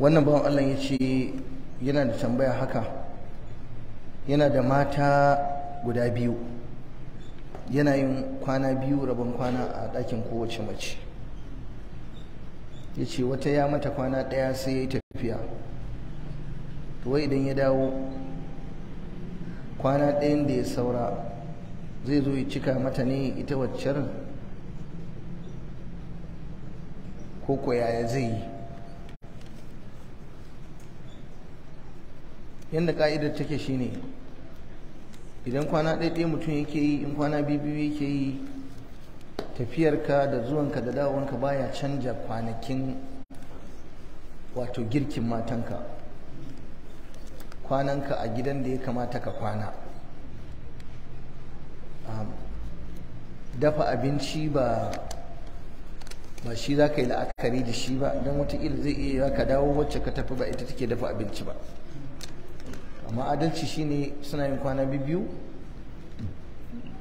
wannan bawan Allah ya ce yana da tambaya haka yana da mata guda biyu yana yin kwana biyu rabon kwana a ɗakin kowace mace ya ce wata ya mata kwana ɗaya sai ya yi tafiya to wai idan ya dawo kwana ɗayan da ya saura zai zo ya cika mata ne ita waccan ko ko yaya zai yi yadda ka'idar take shine idan kwana ɗaya mutum yake yi in kwana biyu yake yi tafiyarka da zuwanka da dawanka baya canja kwanakin wato girkin matanka kwananka a gidan da ya kamata ka kwana Um, dafa abinci ba ba shi za ka yi la'akari da shi ba don wataƙila zai iya za ka dawo wacce ka tafi ba ita take dafa abinci ba amma adalci shine suna yin kwana biyu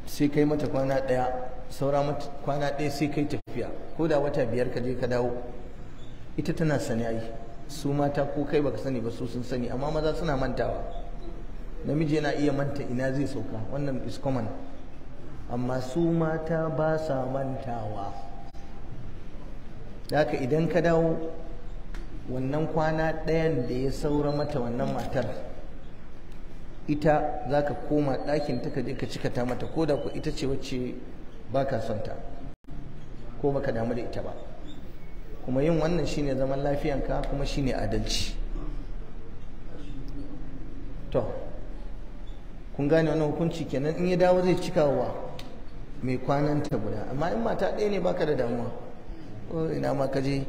sai kai mata kwana ɗaya saura mata kwana ɗaya sai kai tafiya ko da wata biyar ka je ka dawo ita tana sani ai su mata ko kai baka sani ba su sun sani amma maza suna mantawa namiji yana iya manta ina zai sauka wannan is common amma su mata ba sa mantawa haka idan ka dawo wannan kwana ɗayan da ya saura mata wannan matar ita za ka koma ɗakin ta ka je ka cika ta mata ko da ku ita ce wacce ba ka son ta ko ba ka damu da ita ba kuma yin wannan shine zaman lafiyanka kuma shine adalci to kun gane wani hukunci kenan in ya dawo zai cika wa mai kwananta guda amma in mata ɗaya ne baka da damuwa ko ina ma ka je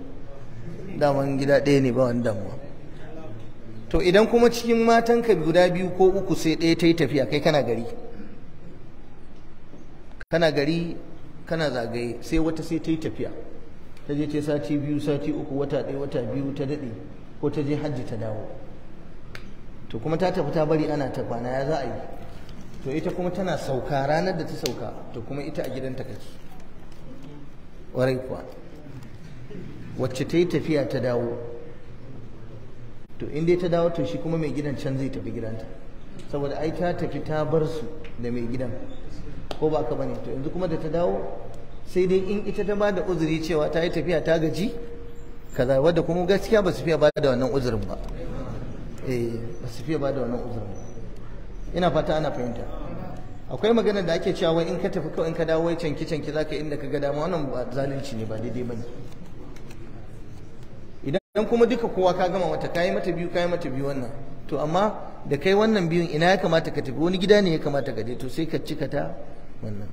daman gida ɗaya ne ba wani damuwa to idan kuma cikin matan ka guda biyu ko uku sai ɗaya ta yi tafiya kai kana gari kana gari kana zagaye sai wata sai ta yi tafiya ta je ta sati biyu sati uku wata ɗaya wata biyu ta daɗe ko ta je hajji ta dawo to kuma ta tafi ta bari ana ta kwana ya za a yi to ita kuma tana sauka ranar da ta sauka to kuma ita a gidanta kake warai kuwa wacce ta yi tafiya ta dawo to in dai ta dawo to shi kuma mai gidan can zai tafi gidanta saboda ai ta tafi ta bar su da mai gidan ko ba ka bane to yanzu kuma da ta dawo sai dai in ita ta bada uzuri cewa ta yi tafiya ta gaji kaza wadda kuma gaskiya ba su fiya ba da wannan uzurin ba eh ba su fiya ba da wannan uzurin ba ina fata ana fahimta akwai magana da ake cewa wai in ka tafi kawai in ka dawo wai canki canki zaka inda ka ga dama wannan ba zalunci ne ba daidai ba ne. idan kuma duka kowa ka gama wata kayi mata biyu kayi mata biyu wannan to amma da kai wannan biyun ina ya kamata ka tafi wani gida ne ya kamata ka je to sai ka cika ta wannan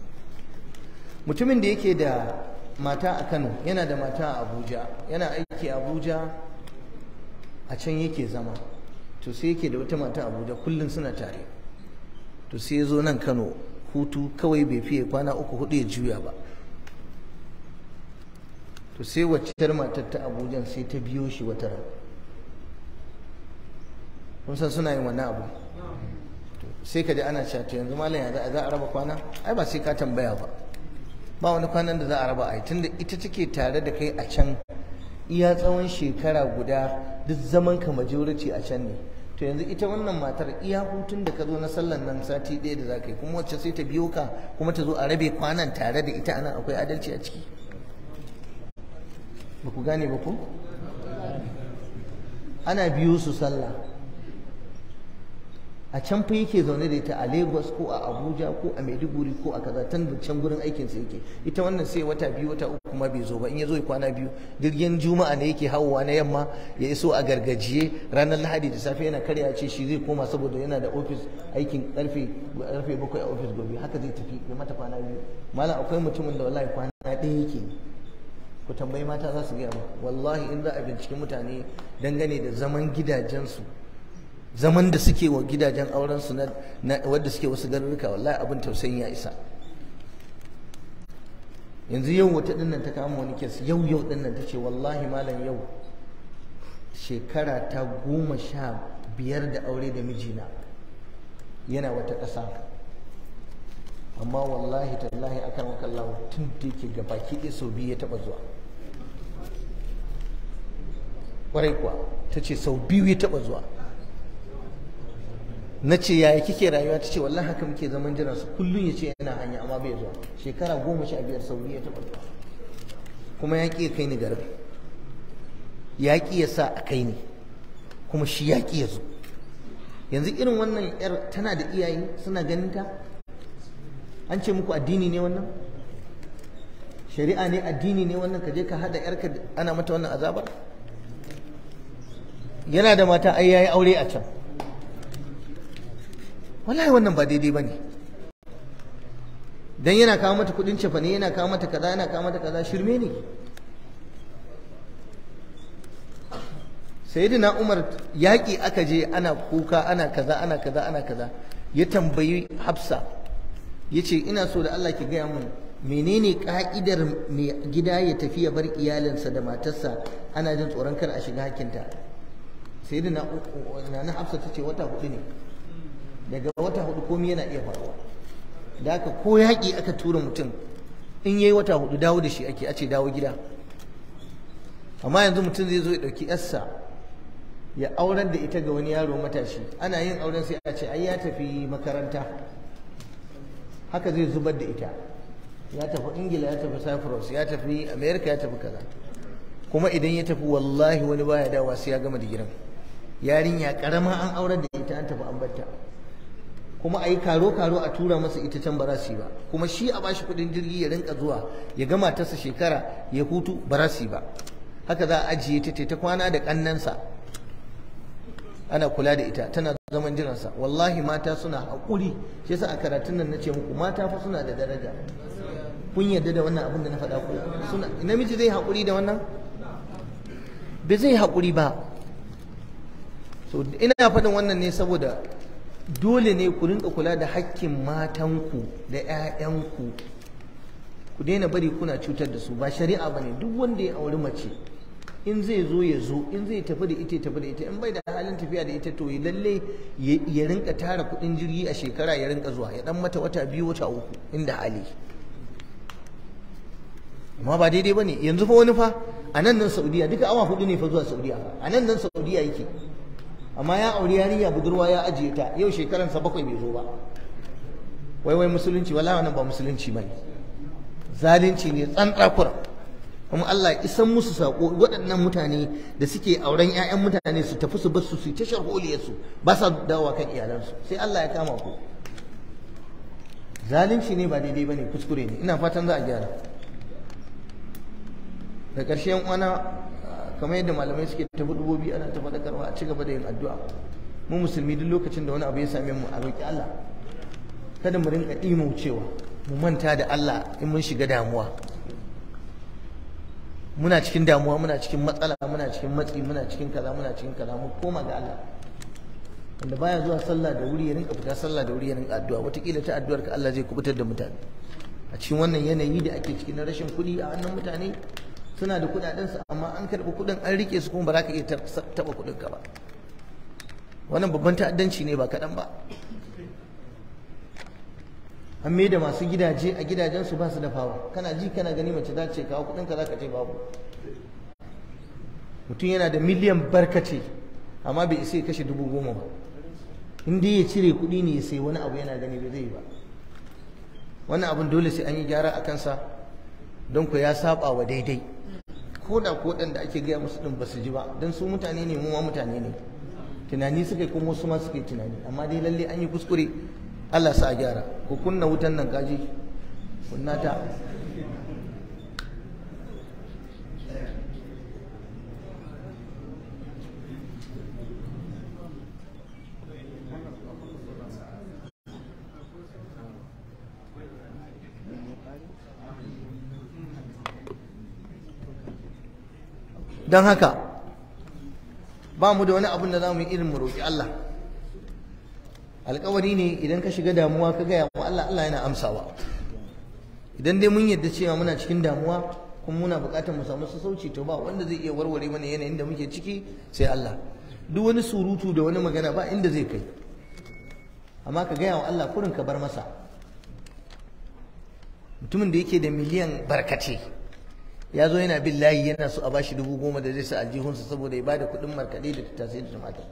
mutumin da yake da mata a Kano yana da mata a Abuja yana aiki a Abuja a can yake zama to sai yake da wata mata a Abuja kullum suna tare to sai ya zo nan kano hutu kawai bai fiye kwana uku hudu ya juya ba to sai waccar matar ta abujan sai ta biyo shi wata ran kun san suna yin wani abu sai ka ji ana cewa to yanzu malam ya za a raba kwana ai ba sai ka tambaya ba ba wani kwanan da za a raba ai tunda ita take tare da kai a can iya tsawon shekara guda duk zaman ka majority a can ne to yanzu ita wannan matar iya hutun da ka zo na sallan nan sati ɗaya da za ka yi kuma wacce sai ta biyo ka kuma ta zo a rabe kwanan tare da ita anan akwai adalci a ciki ba ku gane ba ku ana biyo su sallah a can fa yake zaune da ita a Lagos ko a Abuja ko a Maiduguri ko a kaza tan can gurin aikin sa yake ita wannan sai wata biyu wata uku kuma bai zo ba in ya zo kwana biyu jirgin juma'a ne yake hawowa na yamma ya iso a gargajiye ranar Lahadi da safe yana karya ce shi zai koma saboda yana da office aikin karfe karfe bakwai a office gobe haka zai tafi ya mata kwana biyu malam akwai mutumin da wallahi kwana ɗaya yake ku tambayi mata za su gaya ba wallahi in za a binciki mutane dangane da zaman gidajensu zaman da suke wa gidajen auren su na wanda suke wasu garuruka wallahi abin tausayin ya isa yanzu yau wata dinnan ta kama wani kes yau yau dinnan ta ce wallahi malam yau shekara ta goma sha biyar da aure da mijina yana wata ƙasa amma wallahi tallahi akan wakallahu tun da yake ga baki ɗaya sau biyu ya taɓa zuwa ƙwarai kuwa ta ce sau biyu ya taɓa zuwa na ce yaya kike rayuwa ta ce wallahi haka muke zaman jiran su kullum ya ce yana hanya amma bai zuwa shekara goma sha biyar sauri ya taɓa kuma ya ƙi ya kai ni garin ya ƙi ya sa a kai ni kuma shi ya ƙi ya zo yanzu irin wannan yar tana da iyaye suna ganin ta an ce muku addini ne wannan shari'a ne addini ne wannan ka je ka haɗa yarka ana mata wannan azabar yana da mata ai yayi aure a can wallahi wannan ba daidai bane dan yana kawo mata kudin cefa ne yana kawo mata kaza yana kawo mata kaza shirme ne sayyidina Umar yaƙi aka je ana kuka ana kaza ana kaza ana kaza ya tambayi Hafsa yace ina so da Allah ki gaya mun menene ka'idar mai gida ya tafi ya bar iyalinsa da matarsa ana jin tsoron kar a shiga hakinta sayyidina Hafsa tace wata hudu ne daga wata hudu komai yana iya faruwa da haka ko yaƙi aka tura mutum in yayi wata hudu dawo da shi ake a ce dawo gida amma yanzu mutum zai zo ya ɗauki yarsa ya auren da ita ga wani yaro matashi ana yin auren sai a ce ai ya tafi makaranta haka zai zubar da ita ya tafi ingila ya tafi cyprus ya tafi america ya tafi kaza kuma idan ya tafi wallahi wani baya dawa sai ya gama da digiran yarinya karama an aurar da ita an tafi an batta kuma a yi karo-karo a tura masa ita can barasi ba kuma shi a bashi kudin jirgi ya rinka zuwa ya gama tasa shekara ya hutu barasi ba haka za a ajiye ta ta kwana da kannansa ana kula da ita tana zaman jiransa wallahi mata suna haƙuri shi yasa a karatun nan na ce muku mata fa suna da daraja kun yarda da wannan abin da na faɗa ku. suna namiji zai haƙuri da wannan bai zai haƙuri ba so ina faɗin wannan ne saboda dole ne ku rinka kula da hakkin matanku da 'ya'yanku ku daina bari kuna cutar da su ba shari'a ba ne duk wanda ya auri mace in zai zo ya zo in zai tafi da ita tafi da ita in bai da halin tafiya da ita to lalle ya rinka tara kudin jirgi a shekara ya rinka zuwa ya dan mata wata biyu wata uku inda hali amma ba daidai ne yanzu fa wani fa a nan nan Saudiya duka awa hudu ne fa zuwa Saudiya a nan nan Saudiya yake amma ya auri yarinya budurwa ya ajiye ta yau shekaransa bakwai bai zo ba wai wai musulunci wala wannan ba musulunci bane zalunci ne tsantsa kuma Allah isan musu sako waɗannan mutane da suke auren 'ya'yan mutane su tafi su basu su ta sharholiyar su ba sa dawowa kan iyalansu sai Allah ya kama ku zalunci ne ba daidai bane kuskure ne ina fatan za a gyara da ƙarshen wani. kamar yadda malamai suke ta hudubobi ana ta fadakarwa a cigaba da yin addu'a mu musulmi duk lokacin da wani abu ya same mu a roƙi Allah kada mu rinka cewa mu manta da Allah in mun shiga damuwa muna cikin damuwa muna cikin matsala muna cikin matsi muna cikin kaza muna cikin kaza mu koma ga Allah wanda baya zuwa sallah da wuri ya rinka fita sallah da wuri ya rinka addu'a wataƙila ta addu'ar ka Allah zai kubutar da mutane a cikin wannan yanayi da ake cikin rashin kuɗi a hannun mutane suna da kudaden su amma an karɓi kudin an rike su kuma ba za ka iya taba kudin ka ba wannan babban ta'addanci ne ba kaɗan ba an mai da masu gidaje a gidajensu ba su da fawa kana ji kana gani mace za ce kawo kudin ka za ka ce babu mutum yana da miliyan barkace amma bai isa ya kashe dubu goma ba in dai ya cire kuɗi ne ya sai wani abu yana gani bai zai ba wannan abin dole sai an yi gyara a kansa don ku ya saba wa daidai ko da ko da ake gaya musu ɗin ba su ji ba don su mutane ne mu ma mutane ne tunani suka yi kuma su ma suka tunani amma dai lalle an yi kuskure Allah sa gyara ku kunna wutan nan kaji kunna ta don haka ba mu da wani abun da za mu yi irin mu roƙi Allah alƙawari ne idan ka shiga damuwa ka gaya wa Allah Allah yana amsawa idan dai mun yadda cewa muna cikin damuwa kuma muna buƙatar mu samu sassauci to ba wanda zai iya warware mana yanayin da muke ciki sai Allah duk wani surutu da wani magana ba inda zai kai amma ka gaya wa Allah kurin ka bar masa mutumin da yake da miliyan barkace ya zo yana bin layi yana so a bashi dubu goma da zai sa aljihunsa saboda ya bada kuɗin markaɗe da tattasai da tumatir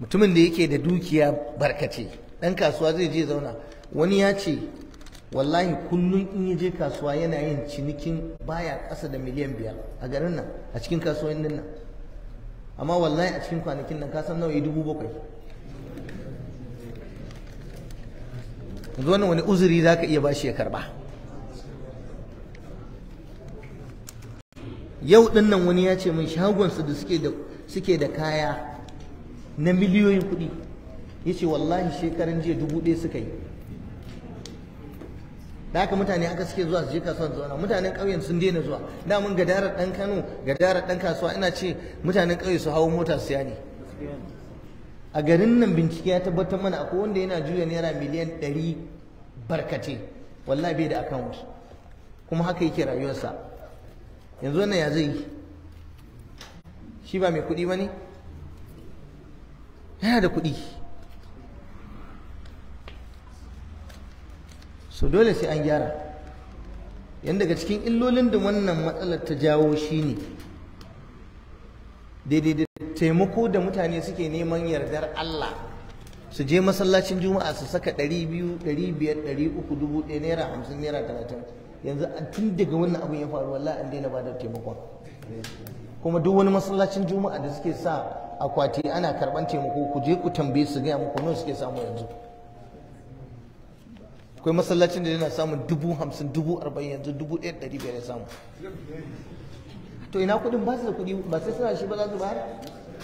mutumin da yake da dukiya barkace ɗan kasuwa zai je zauna wani ya ce wallahi kullum in ya je kasuwa yana yin cinikin baya ƙasa da miliyan biyar a garin nan a cikin kasuwannin nan amma wallahi a cikin kwanakin nan kasan nawa ya dubu bakwai yanzu wannan wani uzuri za ka iya bashi ya karba yau din nan wani ya ce min shagonsu da suke da suke da kaya na miliyoyin kuɗi ya ce wallahi shekaran jiya dubu ɗaya suka yi da haka mutane aka suke zuwa su je kasuwa zuwa mutanen ƙauyen sun daina zuwa da mun gadarar ɗan Kano gadarar ɗan kasuwa ina ce mutanen ƙauye su hawo mota su ne a garin nan bincike ya tabbatar mana akwai wanda yana juya naira miliyan ɗari barkate wallahi bai da wasu kuma haka yake rayuwarsa yanzu wannan ya zai shi ba mai kuɗi ba ne yana da kuɗi so dole sai an gyara yan daga cikin illolin da wannan matsalar ta jawo shi ne daidai da taimako da mutane suke neman yardar Allah su je masallacin juma'a su saka biyar, ɗari uku, dubu ɗaya naira hamsin naira talatin yanzu tun daga wannan abin ya faru wallahi an daina bada taimakon kuma duk wani masallacin juma'a da suke sa akwati ana karban taimako ku je ku tambaye su gaya muku nawa suke samu yanzu akwai masallacin da yana samun dubu hamsin dubu arba'in yanzu dubu ɗaya ɗari biyar ya samu to ina kuɗin ba su da kuɗi ba sai suna shi ba za su ba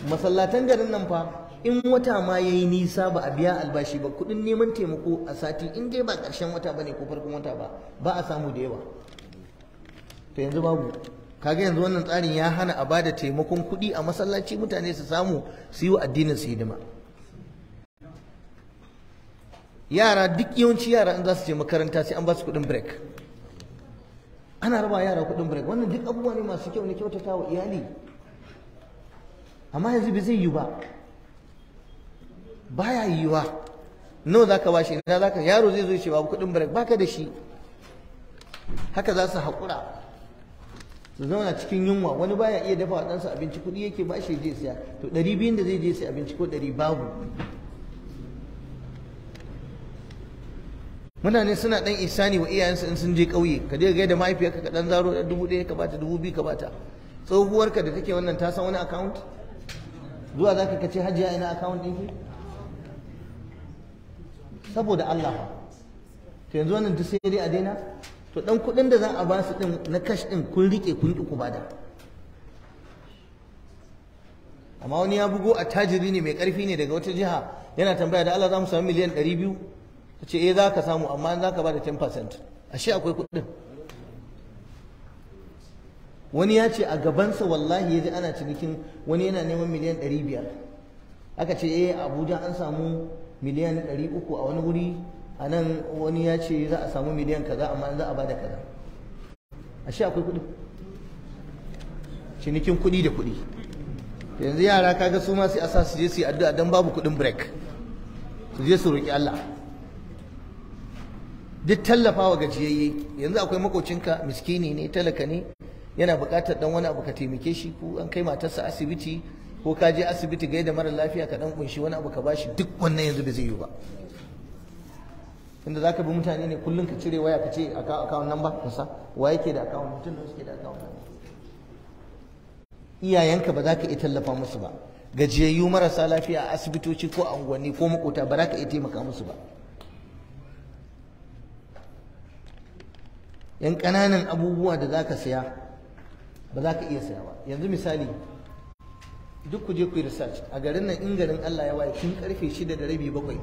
masallatan garin nan fa in wata ma ya yi nisa ba a biya albashi ba kuɗin neman taimako a sati in dai ba ƙarshen wata ba ne ko farkon wata ba ba a samu da yawa to yanzu babu kaga yanzu wannan tsarin ya hana a bada taimakon kuɗi a masallaci mutane su samu su yi addinin su hidima yara duk yawanci yara in za su je makaranta sai an ba su kuɗin break ana raba yara kuɗin break wannan duk abubuwa ne masu kyau na kyautata wa iyali amma yanzu bai zai yi ba baya yiwa nawa zaka bashi ina zaka yaro zai zo shi ce babu kuɗin break baka da shi haka za su haƙura su zauna cikin yunwa wani baya iya dafa wa ɗansa abinci kuɗi yake ba shi je siya to ɗari biyun da zai je siya abinci ko ɗari babu mutane suna ɗan isani wa iyayensu in sun je ƙauye ka je gaida mahaifiyarka ka ɗan zaro ɗan dubu ɗaya ka bata dubu biyu ka bata tsohuwarka da take wannan ta san wani account zuwa za ka kace hajiya ina account ɗinki saboda Allah fa to yanzu wannan duk sai dai a daina to dan kuɗin da za a ba su din na cash din kun rike kun ku bada amma wani ya bugo a tajiri ne mai karfi ne daga wata jiha yana tambaya da Allah za mu samu miliyan 200 tace ce eh za ka samu amma za ka bada 10% ashe akwai kuɗin wani ya ce a gabansa wallahi ya ji ana cinikin wani yana neman miliyan 500 aka ce eh abuja an samu miliyan 300 a wani wuri a nan wani ya ce za a samu miliyan kaza amma za a bada kaza ashe akwai kuɗi cinikin kuɗi da kuɗi yanzu yara kaga su ma sai a su je su yi addu'a don babu kuɗin break su je su roƙi Allah duk tallafa wa gajiyayye yanzu akwai makocinka miskini ne talaka ne yana buƙatar dan wani abu ka taimake shi ko an kai matarsa asibiti ko ka je asibiti gai da mara lafiya ka dan kunshi wani abu ka bashi duk wannan yanzu bai zai yi ba tunda zaka bi mutane ne kullum ka cire waya ka ce account number kusa wa yake da account mutum da suke da account iyayenka ba za ka iya tallafa musu ba gajiyayyu marasa lafiya a asibitoci ko a unguwanni ko makota ba za ka iya taimaka musu ba yan ƙananan abubuwa da za ka saya ba za ka iya saya ba yanzu misali duk ku je ku yi research a garin nan in garin Allah ya waye tun karfe 6 da rabi bakwai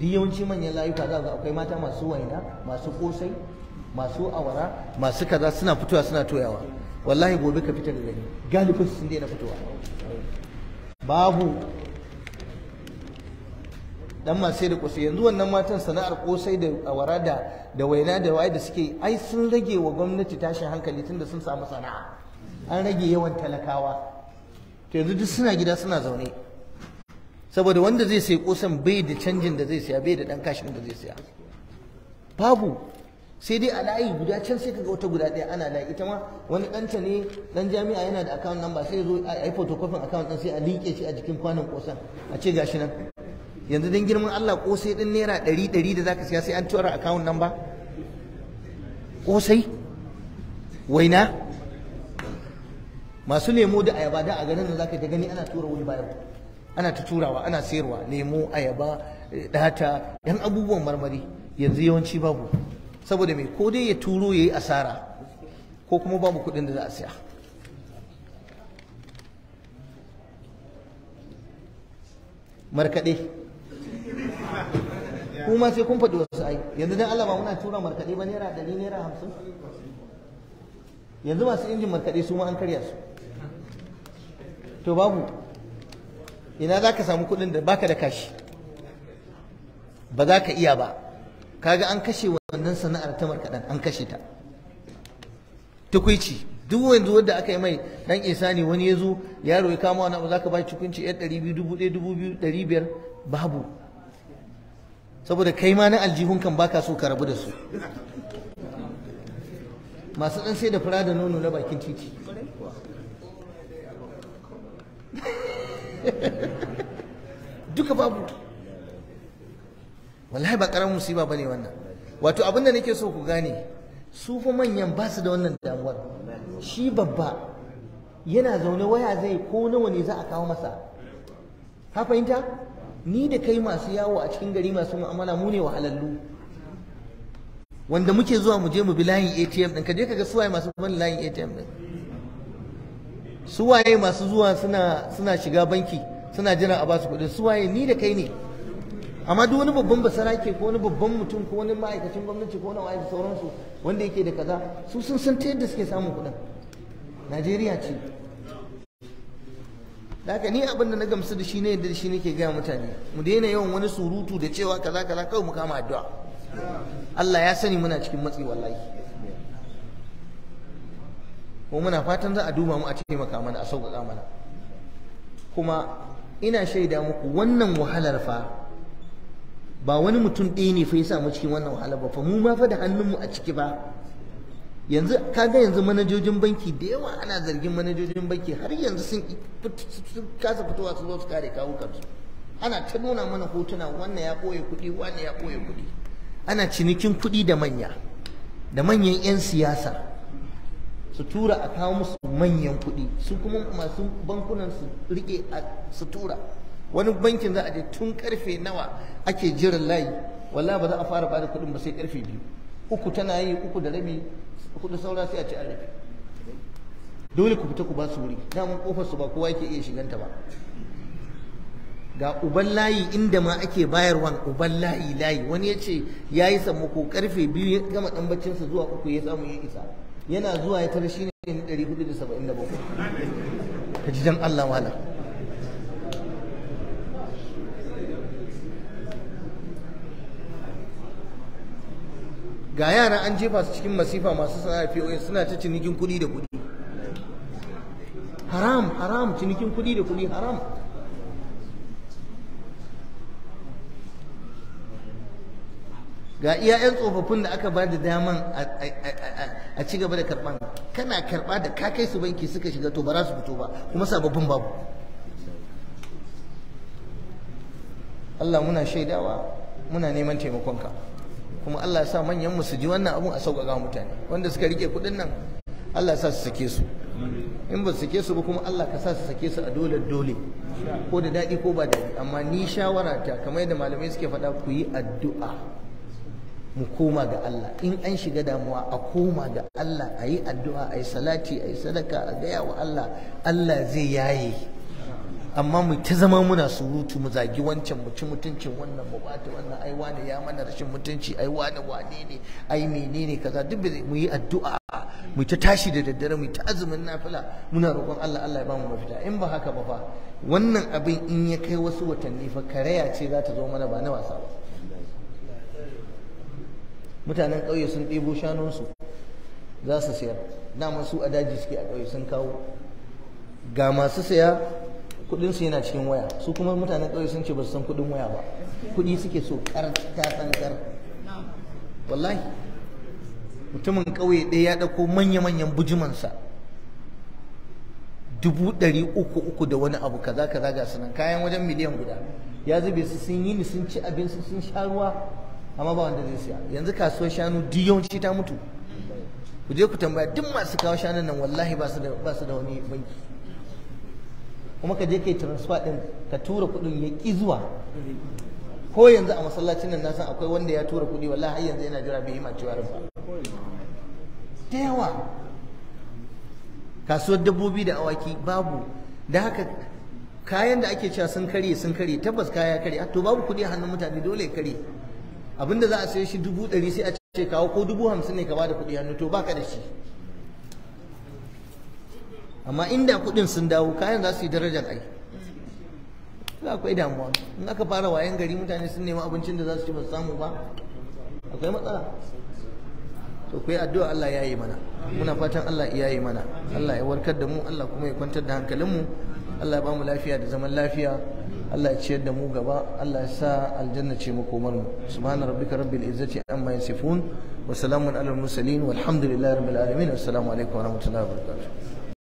duk yawanci manyan layuka za ga akwai mata masu waina masu kosai masu awara masu kaza suna fitowa suna toyawa wallahi gobe ka fita da gani galibin sun daina fitowa babu dan ma sai da kosai yanzu wannan matan sana'ar kosai da awara da da waina da waye da suke ai sun rage wa gwamnati tashin hankali tunda sun samu sana'a an rage yawan talakawa to yanzu duk suna gida suna zaune saboda wanda zai sai kosan bai da canjin da zai siya bai da dan kashin da zai siya babu sai dai a layi guda can sai kaga wata guda ɗaya ana layi ita ma wani ɗanta ne ɗan jami'a yana da account number sai zo a yi photocopy account ɗin sai a liƙe shi a jikin kwanon kosan a ce gashi nan yanzu dan girman Allah kosai din naira 100 100 da zaka siya sai an tura account number kosai waina masu lemo da ayaba da a garin nan zaka ta gani ana tura wani bayan ana ta turawa ana sayarwa lemo ayaba data yan abubuwan marmari yanzu yawanci babu saboda mai ko dai ya turo yayi asara ko kuma babu kuɗin da za a siya markaɗe kuma sai kun faɗi wasu ai yanzu dan Allah ba muna tura markaɗe ba naira ɗari naira hamsin yanzu masu injin markaɗe su ma an karya su to babu ina za ka samu kuɗin da baka da kashi ba za ka iya ba kaga an kashe wannan sana'ar ta markaɗan an kashe ta tukwici duk yanzu wanda aka yi mai dan ne wani ya zo yaro ya kama wani abu za ka ba shi hukunci yar ɗari biyu dubu ɗaya dubu biyu ɗari biyar babu saboda kai ma na aljihun kan baka so ka rabu da su masu ɗan sai da fura da nono na bakin titi duka babu wallahi ba karamin musiba bane wannan wato abin da nake so ku gane su fa manyan ba su da wannan damuwar shi babba yana zaune waya zai ko nawa ne za a kawo masa ka fahimta ni da kai masu yawo a cikin gari masu mu'amala mu ne wahalallu wanda muke zuwa mu je mu bi layin ATM din ka je ka ga suwaye masu bin layin ATM din su waye masu zuwa suna suna shiga banki suna jira a basu kuɗi su waye ni da kai ne amma duk wani babban basarake ko wani babban mutum ko wani ma'aikacin gwamnati ko wani da sauransu wanda yake da kaza su sun san ta yadda suke samun kuɗin Najeriya ce Daka ni abin da na gamsu da shi ne da shi nake gaya mutane mu daina yawan wani surutu da cewa kaza kaza kawai mu kama addu'a Allah ya sani muna cikin matsi wallahi ko muna fatan za a duba mu a taimaka mana a sauƙaƙa mana kuma ina shaida muku wannan wahalar fa ba wani mutum ɗaya ne fa ya samu cikin wannan wahalar ba fa mu ma fa da hannunmu a ciki ba yanzu kaga yanzu manajojin banki da yawa ana zargin manajojin banki har yanzu sun kasa fitowa su zo su kare kawo kansu ana ta nuna mana hotuna wannan ya ɓoye kuɗi wannan ya ɓoye kuɗi ana cinikin kuɗi da manya da manyan 'yan siyasa su tura a kawo musu manyan kuɗi su kuma masu bankunan su rike su tura wani bankin za a je tun karfe nawa ake jiran layi wallahi ba za a fara bada kuɗin ba sai karfe biyu uku tana yi uku da rabi kuɗin saura sai a ci an dole ku fita ku ba su wuri daman kofar su ba kowa yake iya shiganta ba ga uban layi inda ma ake bayarwan uban layi layi wani ya ce ya yi sammako karfe biyu ya gama ɗan baccinsa zuwa uku ya samu ya isa yana zuwa ya tara shi ne ɗari da da saba'in 477 ka ji jan Allah wala ga yara an jefa su cikin masifa masu sana'a POS suna ta cinikin kuɗi da kuɗi haram haram cinikin kuɗi da kuɗi haram ga iya yan tsofaffin da aka ba da dama a ci gaba da karɓan kana karɓa da ka kai su banki suka shiga to ba za su fito ba kuma sababbin babu Allah muna shaidawa muna neman taimakonka kuma Allah ya sa manyan mu su ji wannan abun a sauƙaƙa mutane wanda suka rike kuɗin nan Allah ya sa su sake su in ba su sake su ba kuma Allah ka sa su sake su a dole dole ko da daɗi ko ba daɗi amma ni shawara ta kamar yadda malamai suke faɗa ku yi addu'a mu koma ga Allah in an shiga damuwa a koma ga Allah a yi addu'a a yi salati a yi sadaka a gaya wa Allah Allah zai yaye amma mu ta zama muna surutu mu zagi wancan mu ci mutuncin wannan mu bata wannan ai wani ya mana rashin mutunci ai wani wane ne ai menene kaza duk bai mu yi addu'a mu ta tashi da daddare mu ta azumin nafila muna roƙon Allah Allah ya bamu mafita in ba haka ba fa wannan abin in ya kai wasu watanni fa karaya ce za ta zo mana ba na wasa ba mutanen ƙauye sun ɗebo shanunsu za su sayar dama su a daji suke a ƙauye sun kawo ga masu saya kuɗin yana cikin waya su kuma mutanen ƙauye sun ce ba su san kuɗin waya ba kuɗi suke so kar ta san wallahi mutumin ƙauye ɗaya ya ɗauko manya-manyan bujimansa dubu ɗari uku uku da wani abu kaza kaza ga sunan kayan wajen miliyan guda ya zube su sun yi ni sun ci su sun sha ruwa amma ba wanda zai siya yanzu kasuwar shanu duk yawanci ta mutu ku je ku tambaya duk masu kawo shanun nan wallahi ba su da wani banki kuma ka je kai transfer din ka tura kuɗin ya ki zuwa ko yanzu a masallacin nan na san akwai wanda ya tura kuɗi wallahi har yanzu yana jira bai yi cewa ba da yawa kasuwar dabbobi da awaki babu da haka kayan da ake cewa sun karye sun karye tabbas kaya karye ah, to babu kuɗi a hannun mutane dole ya karye abinda za a sayi shi dubu ɗari sai a ce kawo ko dubu hamsin ne ka da kuɗi hannu to baka da shi amma inda kuɗin sun dawo kayan za su yi darajar ai za kai damuwa in aka fara wayan gari mutane sun nemi abincin da za su ci ba su samu ba akwai matsala to ku yi addu'a Allah ya yi mana muna fatan Allah ya yi mana Allah ya warkar da mu Allah kuma ya kwantar da hankalinmu Allah ya ba mu lafiya da zaman lafiya Allah ya ciyar da mu gaba Allah ya sa aljanna ce makomar mu subhana rabbika rabbil izzati amma yasifun wa salamun alal mursalin walhamdulillahi rabbil alamin assalamu alaikum wa rahmatullahi wa barakatuh